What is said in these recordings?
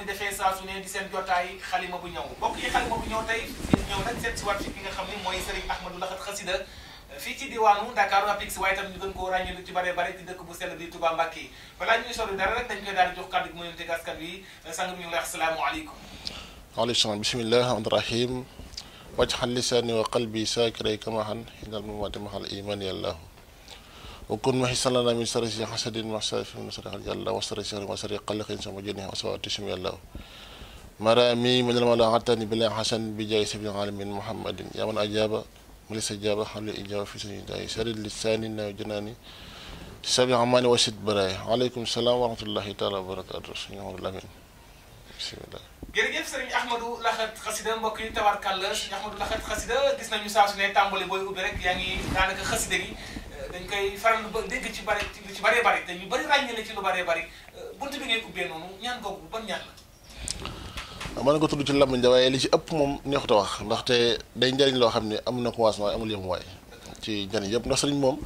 di defee saa su ne di seen bokk yi xalima bu ñëw tey ñëw nag seet si waat nga mooy Serigne Ahmadou Lahat Xasida fii ci diwaanu Dakar Apix waaye tam ñu gën koo ràññee ci bare bare ci bu sell bi Touba Mbacké balaa ñuy sori dara rek dañ koy daal di jox kàddu mu yonte gaskan wi sang lay wax salaamaaleykum waaleykum salaam lisaani wa qalbi saakirey kamahan hinal mumati mahal iman yallahu وكن محسنا من سر حسد وحسد في من سر يا الله وسر سر وسر قلق ثم جنه وسوء تشم يا الله مرامي من المولى عتني بلا حسن بجاي سبيل العالمين محمد يا من أجاب وليس أجاب حول إجابة في سجدائي سر اللسان جناني سبع عمان وسد براي عليكم السلام ورحمة الله تعالى وبركاته يوم الأمين بسم الله jërëjëf sëriñ Ahmadou Laxat xasida mbokk yi tabarkàlla sëriñ Ahmadou Laxat xasida gis nañu saa su ne tàmbali booy ubbi rek yaa ngi daanaka xasida gi dañ koy faral ba dégg ci ci lu ci euh, bunt bi ngay ubbee noonu ñaan googu ban ñaan la. Ah, mën nga tudd ci làmmiñ da li ci ëpp moom neexut a wax ndaxte day njëriñ loo xam ne am na commencement amul yemuwaay ci njëriñ yëpp ndax sëriñ moom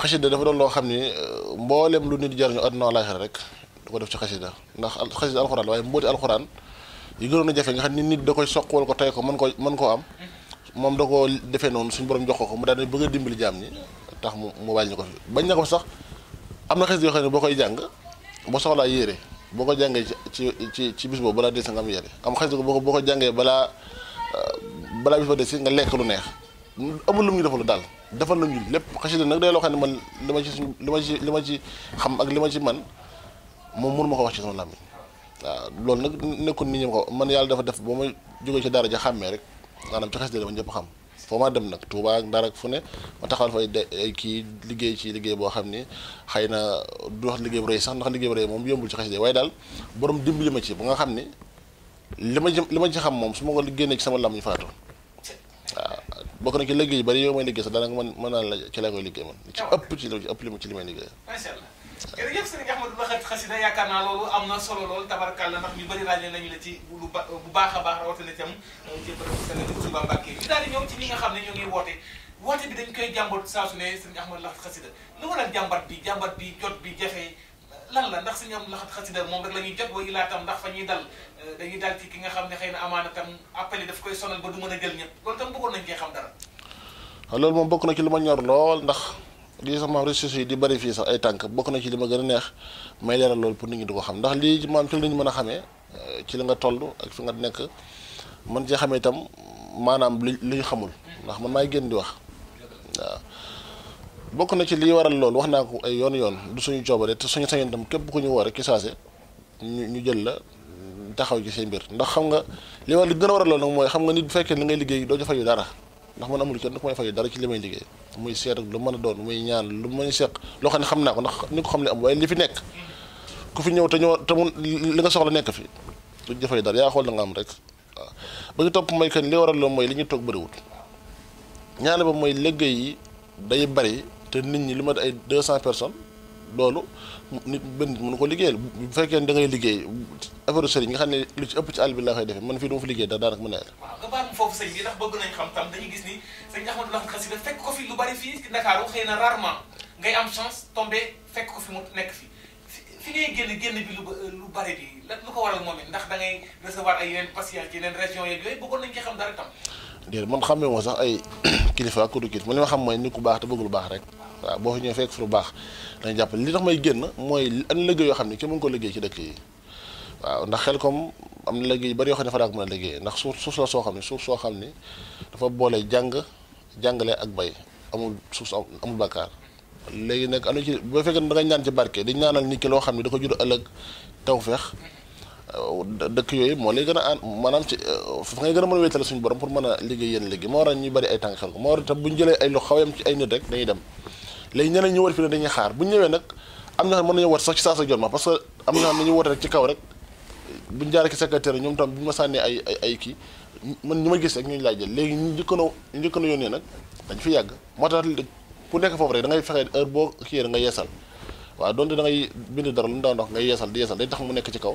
xasida dafa doon loo xam ni euh, mboolem lu nit jariñu àdduna laaxira rek du ko def ci xasida ndax xasida alxuraan waaye mbooti alxuraan yi gënoon a jafe nga xam ni nit da koy soqwal ko tey ko mën ko mën koo am mm-hmm. moom da ko defee noonu suñ borom jox ko ko mu daal di bëgg a dimbali jaam ñi tax mu mu wàññi ko fi bañ na ko sax am na xes yoo xam ne boo koy jàng boo soxlaa yére boo ko jàngee ci ci ci bis boobu balaa desi nga am yére am xes boo ko boo ko jàngee balaa euh, balaa bis ba desi nga lekk lu neex amul lu mu ñu defal daal defal nañu lépp xasida nag day loo xam ne man li ma ci suñu li ma ci li ma ci xam ak li ma ci man moom mënu ma ko wax ci sama làmmiñ waaw loolu nag nekkul nit ñi ko man yàlla dafa def ba ma jógee ci daara ja xàmmee rek maanaam ci xasida la ma ñëpp xam foo ma dem nag Touba ak Ndar ak fu ne ma taxawal fay de kii liggéey ci liggéey boo xam ni xëy na du wax liggéey bu rëy sax ndax liggéey bu rëy moom yombul ci xasida waaye daal borom li ma ci ba nga xam ni li ma li ma ci xam moom su ma ko génnee ci sama lam ñu faatu waaw bokk na ci liggéey yu bëri yow may liggéey sax daanaka man mën naa la ci laa koy liggéey man ci ëpp ci ëpp li ma ci li may liggéey jërëjëf sëriñ Ahmadou Ba xasida yaakaar naa loolu am na solo lool tabarkàlla ndax ñu bëri ràññee nañu la ci bu ba bu baax a baax rawatina tam euh, ci bërëb sëriñ Touba Mbacke ñu daal di ñëw ci ñi nga xam ne ñoo ngi woote woote bi dañ koy jàmbat saa su ne sëriñ Ahmadou Laxat xasida lu waral jàmbat bi jàmbat bi jot bi jafe lan la ndax sëriñ Ahmadou Laxat xasida moom rek la ñuy jot wa ilaa tam ndax fa ñuy dal euh, dañuy dal ci ki nga xam ne xëy na amaana tam appel yi daf koy sonal ba du mën a jël ñëpp loolu tam bëggoon nañ koy xam dara ah, loolu moom bokk na ci lu ma ñor lool ndax lii sax maam ressources yi di bëri fii sax ay tànk bokk na ci li ma gën a neex may leeral loolu pour nit ñi di ko xam ndax lii maam euh, ci la li nga toll ak fi nga nekk man cee xamee itam maanaam li xamul ndax man maay génn di wax waaw bokk na ci liy waral loolu wax naa ko ay yoon yoon du suñu coobare te suñu sañoon itam képp ku ñu war rek ki ñu jël la taxaw ci seen mbir ndax xam nga li war li gën a waral loolu nag mooy xam nga nit fekkee li ngay liggéey doo ca fayu dara ndax man amul kenn ku may fayu dara ci li may liggéey muy seet lu mën a doon muy ñaan lu mën a seq loo xam ne xam naa ko ndax ni ko xam ne am waaye li fi nekk ku fi ñëw te ñëw te mun li nga soxla nekk fi du jëfee dara yaa xool na nga am rek waaw ba ñu topp mooy kan li waral loo mooy li ñuy toog bëriwut ñaane ba mooy liggéey yi day bari te nit ñi li ma ay deux cent personnes loolu nit benn nit mënu ko liggéeyal bu fekkee ne da ngay liggéey affaire sëriñ nga xam ne lu ci ëpp ci àll bi laa koy defee man fii du fi liggéey da daanaka mën a yàlla waaw nga baal ma foofu sëñ bi ndax xam gis ni sëñ fekk ko fi lu bari fii ci Ndakaaru xëy na rarement ngay am chance tombé fekk ko fi mu nekk fi fi ngay génn génn bi lu lu bari bi lan lu ko war waral moom it ndax da ngay recevoir ay yeneen patients yeneen régions yeeg yooyu bëggoon nañ ci xam dara tam déedéet man xamee moo sax ay kilifa ak kudu kilifa man li ma xam mooy nit ku baax te bëgg lu baax rek waaw boo fa ñëwee fekk fu lu baax dañu jàpp li tax may génn mooy an liggéey yoo xam ne kenn mën ko liggéey ci dëkk yi waaw ndax xel comme am na liggéey yu bëri yoo xam ne fa daa ko mën a liggéey ndax suuf suuf soo xam ne suuf soo xam ne dafa boole jàng jàngale ak bay amul suuf amul bakkaar léegi nag anu ci boo fekkee da nga ñaan ci barke di naanal nit ki loo xam ne da ko jur ëllëg tawfeex Euh, dëkk yooyu moo lay gën a ànd maanaam ci euh, fa ngay gën a mën a suñu borom pour mën a liggéey yenn liggéey moo waral ñuy bari ay tànk xel ko moo waral itam ay dem léegi ñeneen ñu war fi ne xaar bu ñu ñëwee nag am na xam mën nañu woote sax ci sa jot ma parce que am na xam nañu woote rek ci kaw rek bu ñu jaaree ci secrétaire ñoom tam bu ma sànnee kii man ñu ma gis rek ñu laaj jël léegi ñu njëkkoon a ñu njëkkoon a yónnee nag dañ fi yàgg moo tax ku nekk foofu rek da ngay fexe heure boo kii nga yeesal waaw doonte da ngay bind dara lu mu daan wax ngay yeesal di yeesal day tax mu nekk ci kaw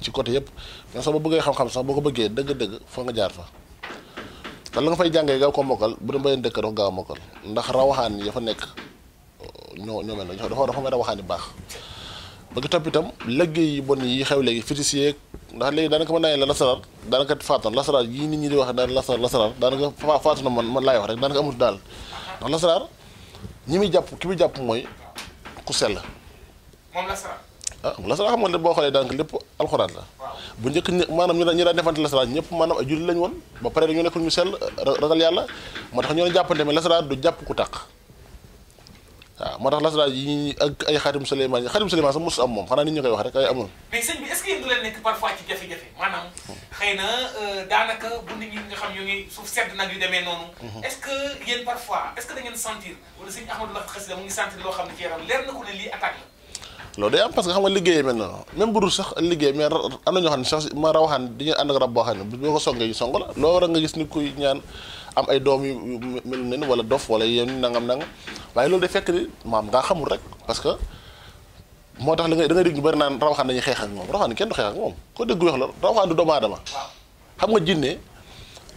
ci côté yëpp mais sax ba bëggee xam-xam sax boo ko bëggee dëgg-dëgg foo nga jaar fa te la nga fay jàngee gaaw ko mokkal bu dee mbayeen dëkk doo gaaw a mokkal ndax rawaxaan yi dafa nekk uh, ñoo ñoo mel ne dafa dafa may rawaxaan yi baax ba ki topp itam liggéey yi bon yi xew léegi fétiche yeeg ndax léegi daanaka mën naa la lasaraar daanaka faatan lasaraar yii nit ñi di wax daan lasaraar lasaraar daanaka fa faatu na man man laay wax rek daanaka amut daal ndax lasaraar ñi muy jàpp ki muy jàpp mooy ku sell moom ah lasaraan xam nga boo xoolee daanaka lépp alxuraan bu njëkk maanaam ñu daan ñu daan defante lasaraan ñëpp maanaam ay jullit lañ woon ba pare dañoo yàlla moo tax ñoo leen jàppante du jàpp ku tàq moo tax lasaraan yi ak ay xaatim Suleymaan yi xaatim Suleymaan sax mosu am moom xanaa nit ñu koy wax rek ay amul mais sëñ bi euh, xam ñu suuf sedd nag yu demee noonu mhm. est-ce parfois est-ce sentir wala sëñ Ahmadou Lahat Khassida mu ngi sentir loo xam ne ci leer na ko lii attaque la loolu day am parce que xam nga liggéey maintenant même bu dul sax liggéey mais am na ñoo xam ne sax ma raw xaan dañuy ànd ak rab boo xam ne a nga gis ni kuy ñaan am ay doom yu melu nen wala loolu day fekk maam ngaa xamul rek parce que moo tax da ngay da ñu bëri naan raw xaan dañuy xeex ak moom raw xaan kenn du xeex ak moom la raw xaan du doomu xam nga jinne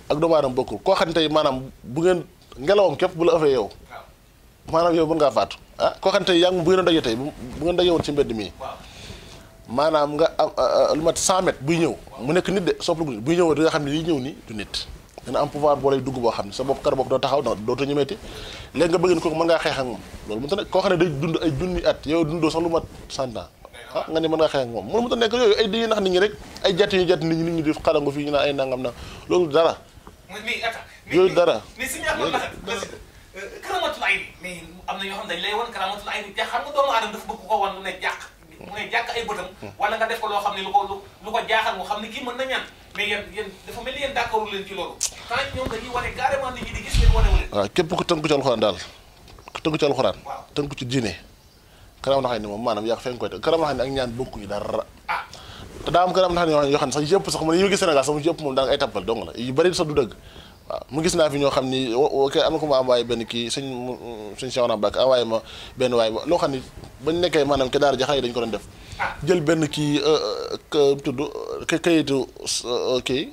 ak doomu aadama koo xam ne tey maanaam bu ngeen ngelawam képp bu la ëffee yow maanaam yow mën ngaa faatu ah koo xam ne tey yaa ngi bu ngeen dajee tey bu ngeen dajee woon ci mbedd mi maanaam nga am ah, ah, lu mat 100 mètres buy ñëw mu nekk nit de sopplu nit buy ñëw di nga xam ne liy ñëw nii du nit dina am pouvoir boo lay dugg boo xam ne sa bopp kar bopp doo taxaw dootoo ñemeeti léegi nga bëggeen kooku mën ngaa xeex ak moom loolu mënta nekk koo xam ne day dund ay junni at yow dundoo sax lu mat cent ans ah nga ne mën ngaa xeex ak moom mënu mënta nekk yooyu ay dañuy nax nit ñi rek ay jatt yu jatt nit ñi nit ñi di xalangu fii ñu naan ay nangam na loolu dara yooyu dara karamatul ay ni mais am na ñoo xam ne dañ lay wan ay hmm. ñaan mais yéen yéen dafa mel ni yéen di gis leen wane wu leen waaw képp ku tënku ci na xam ne moom xam ne ak ah. daa am karam na xam ne yoo xam ne sax yëpp sax man yu gis Sénégal sax yëpp moom daa nga ay tappal dong la yu bari sax du dëgg waaw mu gis naa fi ñoo xam ni ok am na ko am envoyé benn kii sëñ sëñ Cheikhouna Mbacké envoyé ma benn waay loo xam ni bañ nekkee maanaam ke daara jaxale yi dañ ko doon def ah. jël benn kii euh, euh, tudd kayitu euh, kii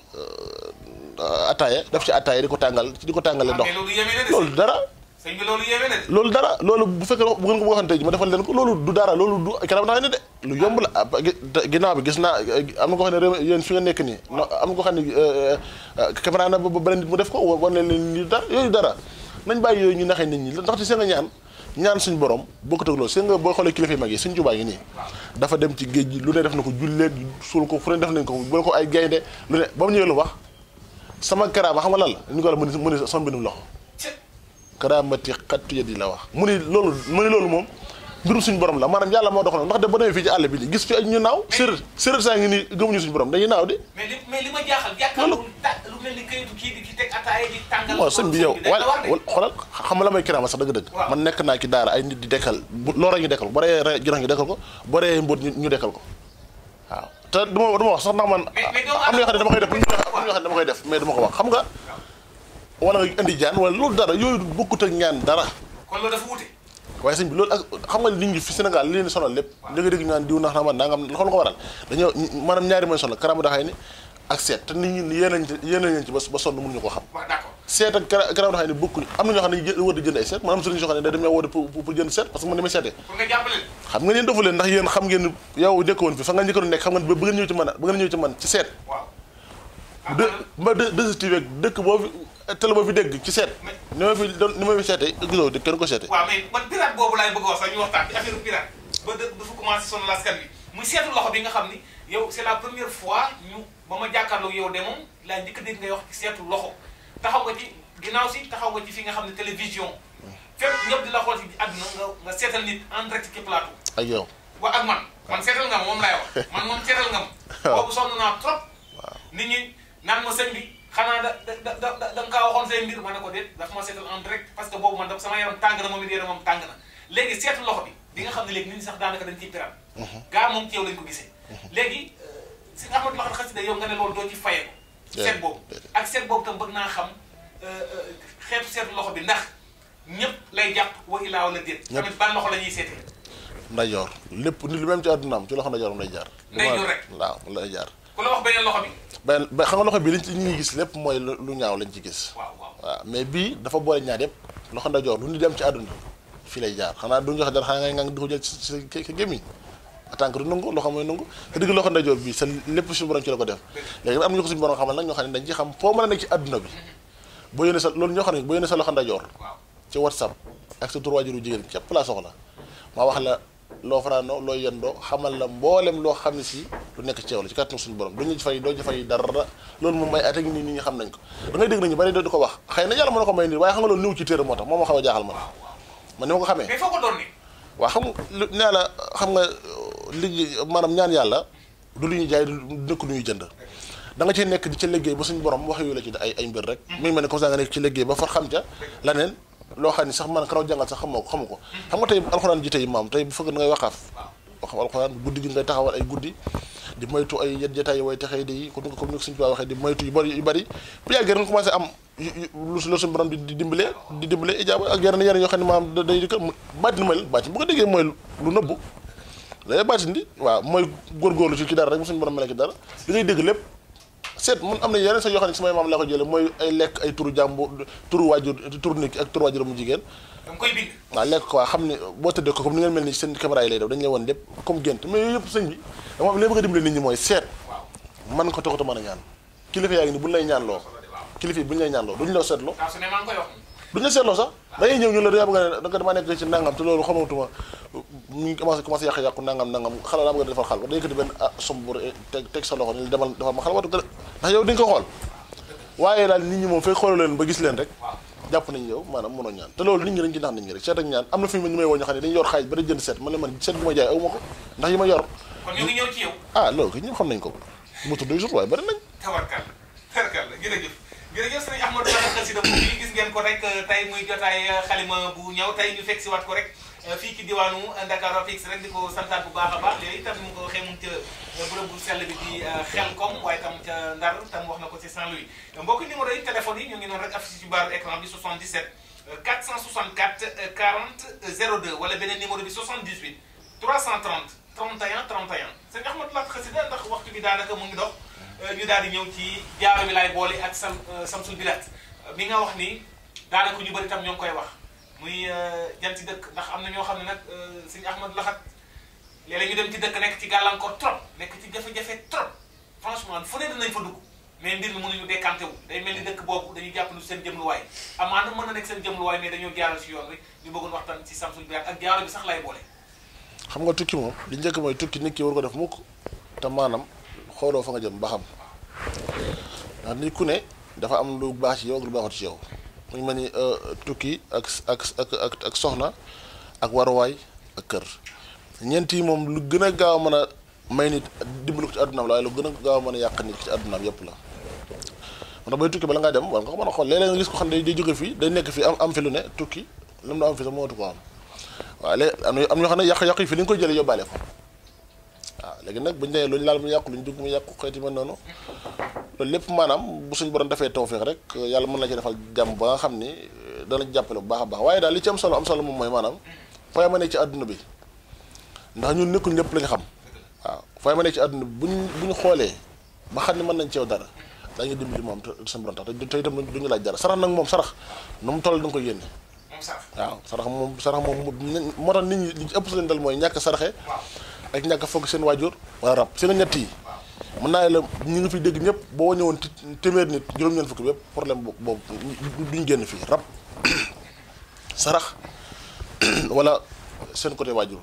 ataaya def ci ataaya di ko tàngal di ko tàngale ndox ah, loolu dara sëñ loolu yéeme loolu dara loolu bu fekkee bu ngeen ko waxante ji ma defal leen ko loolu du dara loolu du kanam naa ne de lu yomb la ah, ginnaaw bi gis naa am na ko xam ne yéen fi nga nekk nii am ko xam ne caméra euh, euh, na ba mu def ko war leen leen li dara yooyu dara nañ bàyyi yooyu ñu naxee nit ñi ndaxte seen nga ñaan ñaan suñ borom bokkut ak loolu seen nga boo xoolee kilifa mag yi suñ jubaa ngi nii dafa dem ci géej gi lu ne def na ko julleeg suul ko fu ne def nañ ko bu ko ay gaynde lu ne ba mu ñëwee lu wax sama karaama xam nga lan la ñu ko la mu ni son binum loxo karaamati xattu yadi la wax mu ni loolu mu ni loolu moom mbirum suñu borom la maanaam yàlla moo doxaloon ndax de ba demee fii ci àll bi li gis fi ak ñu naaw séeréer séeréer saa ngi nii gëmuñu suñu borom dañuy naaw di mais li mais li ma jaaxal jàkkaarloo lu bi yow wala xoolal xam nga la may kiraama sax dëgg-dëgg man nekk naa ci daara ay nit di dekkal loora ñu dekkal ko ba reyee jinax ñu dekkal ko ba reyee mbóot ñu dekkal ko waaw te duma duma wax sax ndax man am na yoo xam ne dama koy def am na ko wax xam nga wala nga indi jaan wala loolu dara yooyu bokkut ak ñaan dara. waaye sëñ bi loolu ak xam nga nit na man nangam loolu ko waral dañoo maanaam ñaari mooy sonal karaama daxay ni ak seet na ñoo xam xam ne day dem ñoo woote pour pour jënd seet dofu leen ndax yéen xam ngeen yow nekkoon fi fa nga njëkkoon nekk xam nga ba ba nga ñëw ci man ci seet. waaw. de ma de dëkk boobu télé ma fi dégg ci seet ni fi doon ni ma fi seetee gisoo kenn ko seetee. waaw mais man pirate boobu laay bëgg a wax sax ñu waxtaan bi affaire pirate ba dë dafa commencé sonal askan bi muy seetu loxo bi nga xam ni yow c'est la première fois ñu ba ma jàkkaarloo yow de moom laa njëkk a dégg ngay wax ci seetu loxo taxaw nga ci ginnaaw si taxaw nga ci fi nga xam ne télévision. fépp ñëpp di la xool ci àdduna nga nga seetal nit en direct ci plateau. ak yow wa ma moom laay wax moom seetal nga ma. waaw boobu sonn naa trop. nit ñi naan ma sëñ bi. xanaa da da nga kaa waxoon say mbir ma ne ko déet daf ma seetal en direct parce que boobu man sama yaram tàng na moom it yaramam tàng na léegi seetu loxo bi di nga xam ne léegi nit ñi sax daanaka dañ ciy piraan mhm. gaa moom ci yow ko mhm. euh, nga xamante loxo ko seet boobu ak seet boobu tam bëgg naa xam euh, euh, xeetu seetu loxo bi ndax ñëpp lay jàpp wa ilaa wala déet tamit ban loxo la ñuy seetee ndajoor lépp ni lu même ci àdduna am ci loxo ndajoor lay jaar ndajoor rek waaw lay jaar ku la wax beneen loxo bi. beneen ba xam nga loxo bi liñ gis lépp mooy lu ñaaw lañ ci gis. waaw waaw mais bii dafa boole ñaar yëpp loxo ndajoor lu ñu dem ci àdduna fii lay jaar xanaa du ñu joxe dara xanaa nga di ko jël ci sa gémmiñ en tant que du nangu loxo mooy nangu bi sa lépp suñu borom ci la am nañu ko suñu borom xam ne dañ ci xam foo mën a nekk ci àdduna bi boo yónnee sa loolu ñoo xam ne boo yónnee sa loxo ndajoor ci whatsapp ak sa tur waajuru jigéen képp laa soxla maa wax la loo fanaanoo loo yendoo xamal la mboolem loo xam ne si lu nekk ci yow la ci kàttanu suñu borom duñu fay doo ci fay dara loolu moom may at ak nit ñi xam nañ ko da ngay nañu bari doo di ko wax na ko may nit waaye xam nga loolu néew ci téere moo tax ma ko xamee waaw xam nga nee la xam nga liggéey maanaam ñaan yàlla du lu ñu jaay du nekk lu ñuy jënd da nga ci nekk di ci liggéey ba suñu borom wax yu la ci ay ay mbir rek muy mm-hmm. mel ne comme ça nga nekk ci liggéey ba far xam ca laneen loo xam ne sax man karaw jàngal sax xamoo ko xamu ko xam nga tey alxuraan ji tey maam tey bu fekk da taxawal ay guddi di moytu ay yet jataay yi way texey di ko comme ni ko suñu tubaab waxee di moytu yu bëri yu bëri bu am lu suñu borom di dimbale di dimbale ijaaba ak yeneen yoo xam ne maam day dikk baatin mooy baatin bu nga déggee mooy lu nëbbu lay baatin di waaw mooy góorgóorlu ci ki dara rek bu suñu borom mel ki dara li ngay dégg lépp seet mun am na yeneen sax yoo xam ne samay maam laa ko jële mooy ay lekk ay turu jàmbu turu waajur turu nit ak turu waajur mu jigéen da nga koy bind xam ne boo tëddee ko comme ni ngeen mel ni seen caméra yi lay daw dañu leen woon lépp comme gént mais yëpp sëñ bi dama am li bëgg a dimbali nit ñi mooy seet man ko taxut a mën a ñaan kilifa yaa ngi ni buñu lay ñaan loo kilifa yi buñu lay ñaan loo duñu la seetloo du la seetloo sax da ngay ñëw ñu la danga nga ne danga damaa nekk ci nangam te loolu xamatuma mu ngi commencé commencé yàqu nangam nangam xala daa bëgg defal ni ah, ndax ñi moom fay xooloo leen ba gis yor xaaj ba da jënd seet man la man seet bu ma jaay aw ma ko ndax yi ma yor kon ñu ngi ñëw ci yow ah loolu ko ñëpp xam nañ ko bu tudd jour waaye bari nañ jërëjëf sëriñ Ahmadou Bamba xasida mu ngi gis ngeen ko rek euh, tey muy jotaay euh, xalima bu ñëw tey ñu fekk si waat ko rek euh, fii ci diwaanu Dakar Fix rek di ko santaat bu baax a baax léegi itam mu ko waxee mu ngi ca bërëb bu sell bi di Xelkom waaye tam ca Ndar tam wax na ko ci Saint-Louis mbokk numéro yi téléphone yi ñu ngi noonu rek affiché ci baaru écran bi 77 464 40 02 wala beneen numéro bi 78 330 31 31 sëriñ bi daanaka Euh, ñu daal di ñëw ci jaaro bi laay boole ak sam euh, samsul bilat euh, mi nga wax nii ni daanaka ñu bëri tam ñoo ngi koy wax muy janti dëkk ndax am na ñoo xam ne nag sëñ Ahmadu Laxat léeg-léeg ñu dem ci dëkk nekk ci gàllankoor trop nekk ci jafe-jafe trop franchement fu ne dinañ fa dugg mais mbir mi wu day mel ni dëkk boobu dañu jàpp lu seen jëmluwaay amaana mën na nekk seen jëmluwaay mais dañoo jaaral si yoon rek ñu bëggoon waxtaan ci samsul bilat ak jaaro bi sax lay boole xam nga tukki moom li njëkk mooy tukki nit ki war ko def mukk te maanaam xooloo fa nga jëm ba xam ndax nit ku ne dafa am lu baax ci yow lu baaxut ci yow mu mel ni euh, tukki ak ak ak ak soxna ak waruwaay ak kër ñeent yi moom lu gën a gaaw mën a may nit dimbalu ko ci àddunaam la waaye lu gën a gaaw mën a yàq nit ci àddunaam yëpp la ndax bay tukki bala ngaa dem war nga ko mën a xool léeg-léeg nga gis ko xam ne day jóge fii day nekk fii am am fi lu ne tukki lu a am fi sax moo watu ko am waa léegi am na am ñoo xam ne yàq-yàq yi fi li nga koy jëlee yóbbaale ko waaw ah, léegi nag bu ñu nee laal mu yàqu lu ñu dugg mu yàqu xeeti mel noonu loolu lépp maanaam bu suñu borom defee too tawfeex rek yàlla mën la ci defal jàmm ba nga xam ni eh, danañ jàppale bu baax a baax waaye daal li ci am solo am solo moom maanaam fay ma ne ci àdduna bi ndax ñun nekkuñ lépp la ñu xam waaw fay ma ne ci àdduna bi buñ buñ xoolee ba xam ne mën nañ ceew dara dañuy dimbali moom te suñu borom tax te itam duñu laaj dara sarax nag moom sarax nu mu toll da nga koy yénne waaw sarax moom sarax moom moo tax nit ñi li ci ëpp si leen dal mooy ñàkk saraxe ak ñàkk a seen waajur wala rab seen ñett yi mën naa la ñu ngi fi dégg ñëpp boo ñëwoon téeméer nit juróom-ñeent fukki bépp problème boobu duñ génn fii rab sarax wala seen côté waajur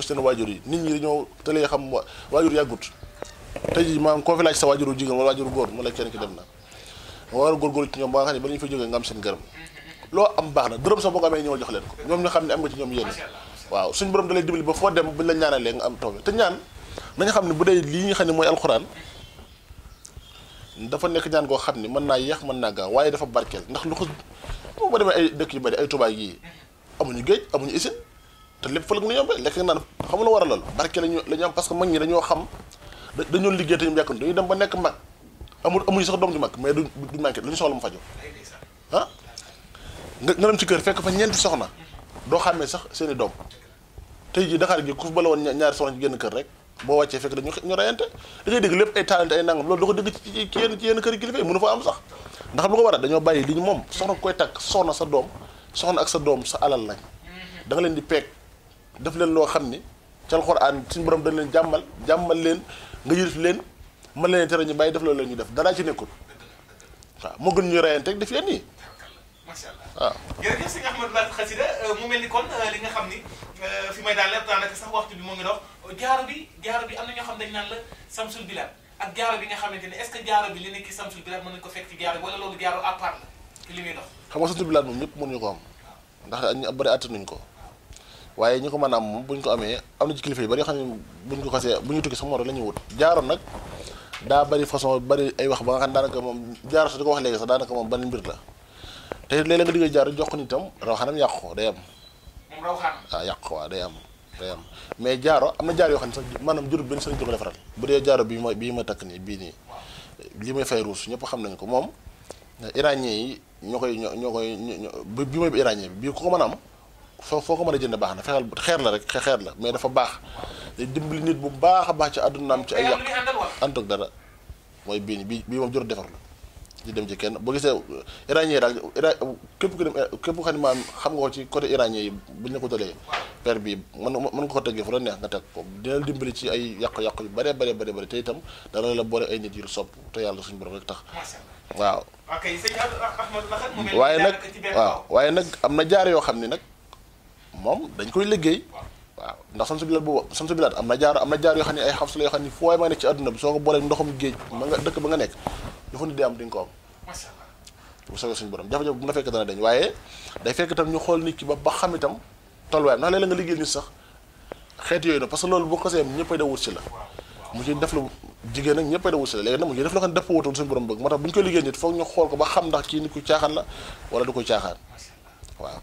seen waajur yi nit ñi dañoo tëlee xam waajur yàggut tey jii maanaam koo fi laaj sa waajuru jigéen wala waajuru góor mu la kenn ki dem na war a góorgóorlu ci ñoom ba nga xam ne ba ñu fay jógee nga am seen gërëm loo am baax na dërëm sax boo ko amee ñëwal jox leen ko ñoom ñoo xam ne am nga ci ñoom yéen waaw suñ borom da lay dimbali ba foo dem buñ la ñaanalee nga am taw te ñaan nañu xam ne bu dee lii nga xam ne mooy alxuraan dafa nekk ñaan koo xam ne mën naa yéex mën naa gaaw waaye dafa barkeel ndax lu ko boo demee ay dëkk yu bari ay tubaab yii amuñu géej amuñu usine te lépp fa la ñu yombee lekk nga naan xamula lool barke lañu lañu que mag ñi dañoo xam dañoo liggéey te ñu dañuy dem ba nekk mag amul amuñu sax doom ju mag mais duñ duñ manqué lu ñu soxla mu fajo ah nga dem ci kër fekk fa ñeenti soxna doo xàmmee sax seeni doom tey jii Dakar gi ku fi bala woon ñaari soxna ci génn kër rek boo wàccee fekk dañu ñu rayante da ngay dégg lépp ay talent ay nangam loolu da ko dégg ci ci yenn ci yenn kër yi kilifa yi mënu fa am sax ndax lu ko waral dañoo bàyyi li ñu moom soxna koy takk soxna sa doom soxna ak sa doom sa alal lañ da nga leen di peeg def leen loo xam ni ci alxuraan suñu borom dañ leen jàmmal jàmmal leen nga yilif leen mën leen tere ñu bàyyi def loolu ñu def dara ci nekkul waaw ah. jërëjëf euh, euh, euh, bi moo ngi jaaro bi jaaro bi am na ñoo bi nga xamante ne est-ce que jaaro bi li nekk samsul bilaat mën nañu ko fekk ci am ndax ko waaye ñi ko mën a am moom bu ñu ko amee am na ci kilifa yu bari yoo xam ne ko xasee bu ñu tukki sa morom la ñuy wut jaaro nag daa bari façon bari ay wax ba nga xam daanaka moom jaaro sax di ko wax léegi sax daanaka moom benn mbir la te léeg-léeg nga digg jaar jox ko nitam raw xanam yàqu ko am. moom raw ah, yàqu ko waaw day am day am mais jaaro am na jaaro yoo xam ne sax maanaam jurub benn sëriñ du ko defaral bu dee jaaro bii mooy bii ma takk nii bii nii li may fay ruus ñëpp xam nañ ko moom iranien yi ñoo koy ñoo koy bi mooy iranien bi bii ku ko mën a am foo foo ko mën a jënd baax na fexeel xeer la rek xeer la mais dafa baax day dimbali nit bu baax a baax ci àddunaam ci ay yàq ànd ak dara mooy bii nii bii bii moom jurub di dem ci kenn boo gisee iranien daal iran képp ku dem képp xam ne maam xam nga ko ci côté iranien yi buñ la ko dalee per bi mën mën nga ko tëggee fu la neex nga teg ko dina dimbali ci ay yàqu-yàqu yu bare bare bare bare te itam dana la boole ay nit yu sopp te yàlla suñu borom rek tax waaw waaye nag waaw waaye nag am na jaar yoo xam ne nag moom dañ koy liggéey waaw ndax samsu bilaat boobu samsu bilaat am na jaar am na jaar yoo xam ne ay xabs la yoo xam ne foo waay ma ci àdduna bi soo ko booleeg ndoxum géej ma nga ba nga nekk dafa nit di am di nga bu dañ waaye day fekk itam xool nit ki ba xam itam tolluwaayam ndax léeg-léeg nga sax xeet yooyu na parce que loolu boo ko see am ñëppay da wut si la mu ci def lu jigéen nag ñëppay da wut la léegi nag mu ci def loo xam dëpp wutul suñu borom bëgg moo tax bu ñu koy liggéey nit foog ñu xool ko ba xam ndax kii nit ku caaxaan la wala du koy caaxaan waaw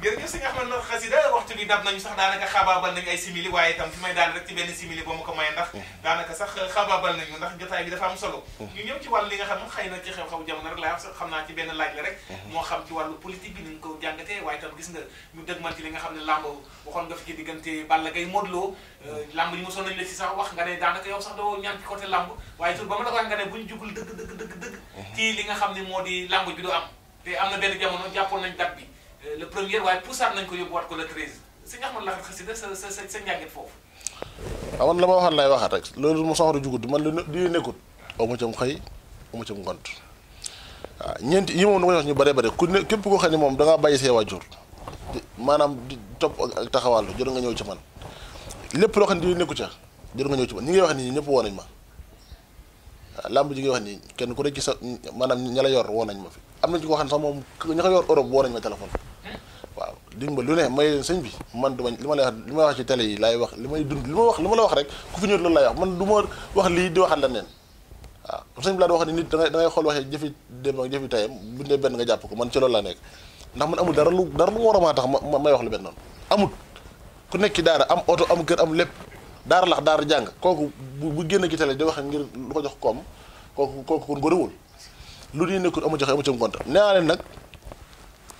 jërëjëf sëñ Ahmed Ndour xasida waxtu bi dab nañu sax daanaka xabaabal nañu ay simili waaye itam fi may daal rek ci benn simili ba mu ko maye ndax mhm. daanaka sax xabaabal nañu ndax jotaay bi dafa am mhm. ñu ñëw ci wàllu li nga xam xëy na ci xew-xew jamono naa ci benn laaj la rek mhm. moo xam ci wàllu politique bi ni ne làmb waxoon nga fi ci diggante Balla Gaye Modou Lo euh, làmb ñu mosoon nañu la ci sax wax nga ne daanaka yow sax doo ñaan ci làmb waaye tur ba ma la wax nga ne buñ jugul dëgg dëgg dëgg dëgg ci li nga xam ne moo di làmb bi du am te am na benn jamono jàppoon nañ date bi le premier waaye pusaat nañ ko yóbbuwaat ko le treize si nga xamante la xasida sa sa sa sa njàngit foofu. waaw ah, man la ma waxoon lay waxaat rek loolu mo soxla jugut man lu li nekkut. moo ca xëy amu ah, moom dama wax ñu bare bare ku ne képp koo xam ne moom da ngaa bàyyi see waajur maanaam di topp ak taxawaalu jërë nga ñëw ci man lépp loo xam ne di nekku ca jërë nga ñëw ci ñi ngay wax nii ñëpp woo nañ ma waaw ah, làmb ji ngay wax nii kenn ku ne ci sa maanaam ña la yor woo nañ ma fi am na ci koo xam ne sax moom ña ko yor Europe woo ma téléphone. duñ ma lu ne may leen bi man du ma li ma la wax li ma wax ci télé laay wax li may dund li wax li ma la wax rek ku fi ñëw loolu laay wax man du ma wax lii di waxal la neen waaw sëñ bi laa di wax ni nit dangay dangay xool waxee jëfi dem ak jëfi tayam buñ ne benn nga jàpp ko man ci loolu laa nekk ndax man amul dara lu dara lu war a maa tax ma may wax lu benn noonu amul ku nekki ci daara am oto am kër am lépp daara lax daara jàng kooku bu génn ci télé di wax ngir lu ko jox koom kooku kooku kon góoriwul lu nii nekkul amu joxe amu ci ngonta nee naa leen nag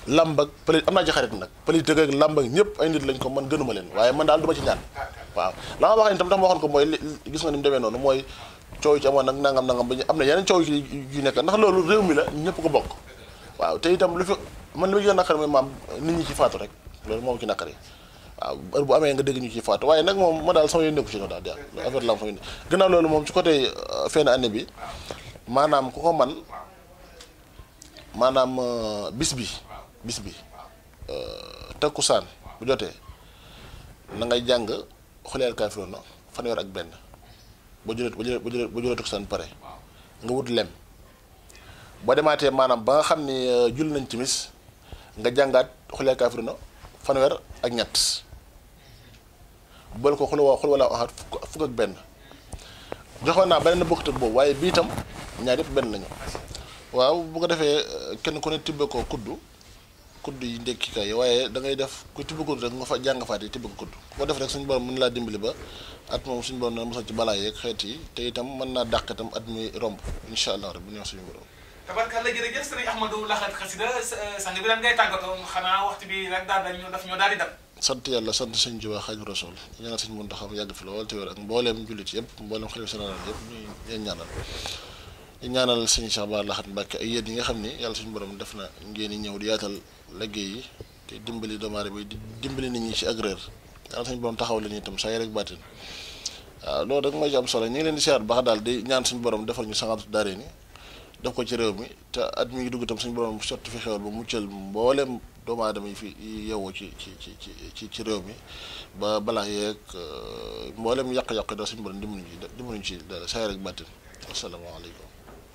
lamb ak am naa ci xarit nag politique ak lamb ak ñëpp ay nit lañ ko man gënuma leen waaye man daal du ci ñaan waaw la ma wax ni tam tax ma waxoon ko mooy gis nga ni demee noonu mooy coow ci amoon nag nangam nangam ba am na yeneen coow ci yu loolu réew mi la ñëpp ko bokk waaw te itam lu fi man li ma a naqar mooy maam nit ñi ci faatu rek loolu moom ci naqar yi waaw heure bu nga dégg ñu ci faatu waaye nag moom ma daal sama yoon nekku ci noonu daal daal affaire lamb sama yoon gannaaw loolu moom ci côté euh, fenn année bi maanaam ku ko man maanaam euh, bis bi bis bi euh, takkusaan bu jotee nangay jàng xuleel kaafiroona fanweer ak benn ba julee ba julee ba julee ba julee takkusaan pare nga wut lem boo demaatee maanaam ba nga xam ni euh, julli nañ timis nga jàngaat xuleel kaafiroona fanweer ak ñett boole ko xul waa xul wala waxaat fukk ak benn joxoon naa beneen bokkut ak boobu waaye bii tam ñaar yëpp benn lañu waaw bu ko defee euh, kenn ku ne tibbee ko kuddu kudd yi ndekki kay waaye dangay def ku tibb kudd rek nga fa jàng faat yi kudd ku ko def rek suñu borom mën laa dimbali ba at moom suñ borom na mosal ci balaa yeeg xeet yi te itam mën naa dàq itam at mi romb incha allah rek bu neex suñu borom. tabarkalla jërëjëf sëriñ Ahmadou Lahat Khassida sang bi lan ngay tàggatoo xanaa sant yàlla sant sëñ Tuubaa Xaadimu Rasuul ñaanal sëñ Muntaxa mu yàgg fi lool te wér ak mbooleem jullit yëpp mbooleem xalifa général yëpp ñuy ñaanal ñaanal sëñ Cheikh Bara Lahat Mbacke ay yéen yi nga xam ni yàlla suñu borom def na ngeen ñëw di yaatal liggéey yi te dimbali doomu aadama bi dimbali nañu ci ak réer yàlla suñu taxaw leen itam saa yi rek waaw loolu rek mooy ci am solo ñu ngi leen di siyaar baax daal di ñaan suñu borom defal ñu sangaatu daare ni ci réew mi te at mi ngi dugg itam suñu borom sotti fi xewal ba muccal mbooleem doomu aadama yi fi yewwu ci ci ci ci ci réew mi ba balaa yeeg euh, yàq-yàq yi daal suñu borom dimbaluñ ci dimbaluñ ci dara saa yi rek baatin asalaamaaleykum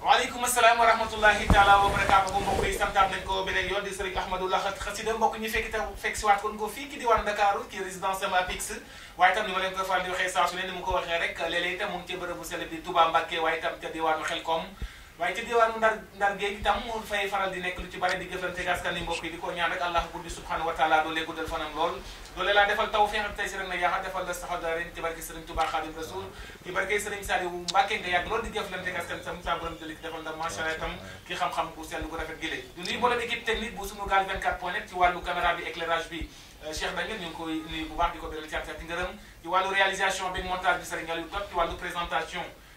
waaleykum asalaam wa rahmatullahi taala wa barakaatu mbokk yi santaat nañ ko beneen yoon di sëriñ Ahmadou Lakhat xasida mbokk ñu fekk itam fekk si waat kon ko fii ki di wan Ndakaaru ci résidence sama pix waaye tam ni ma leen ko faral di waxee saa su ne ni mu ko waxee rek léeg-léeg itam mu ngi ci bërëbu sell bi Touba Mbacké waaye tam ca diwaanu Xelkom waaye ci diwaanu ndar ndar géej itam mu faral di nekk lu ci bare di jëflante gaskan ni di ko ñaan allah guddi subhanahu wa taala doole guddal fanam lool doole laa defal taw feex ak tey si defal la saxa dara ci barke sëriñ Tuubaa Rasuul ci barke sëriñ Saliou Mbàkke nga yàgg lool di jëflante gaskan tam sa borom dalik defal ndam macha allah ki xam-xam bu sell bu rafet gile du nuy boole équipe technique bu bi éclairage bi euh, Cheikh bu baax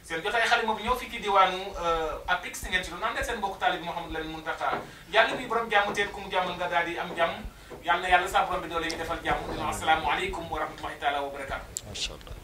seen jotaay xalima bi ñëw fii ci diwaanu euh, APIX ngeen ci doon ànd ak seen mbokk taalib Mouhamadou Lamine Muntaka yàlla mi borom jàmm teer ku mu nga daal di am jàmm yàlla yàlla sa borom bi doole ñu defal jàmm dina asalaamaaleykum wa rahmatullahi taala wa barakatu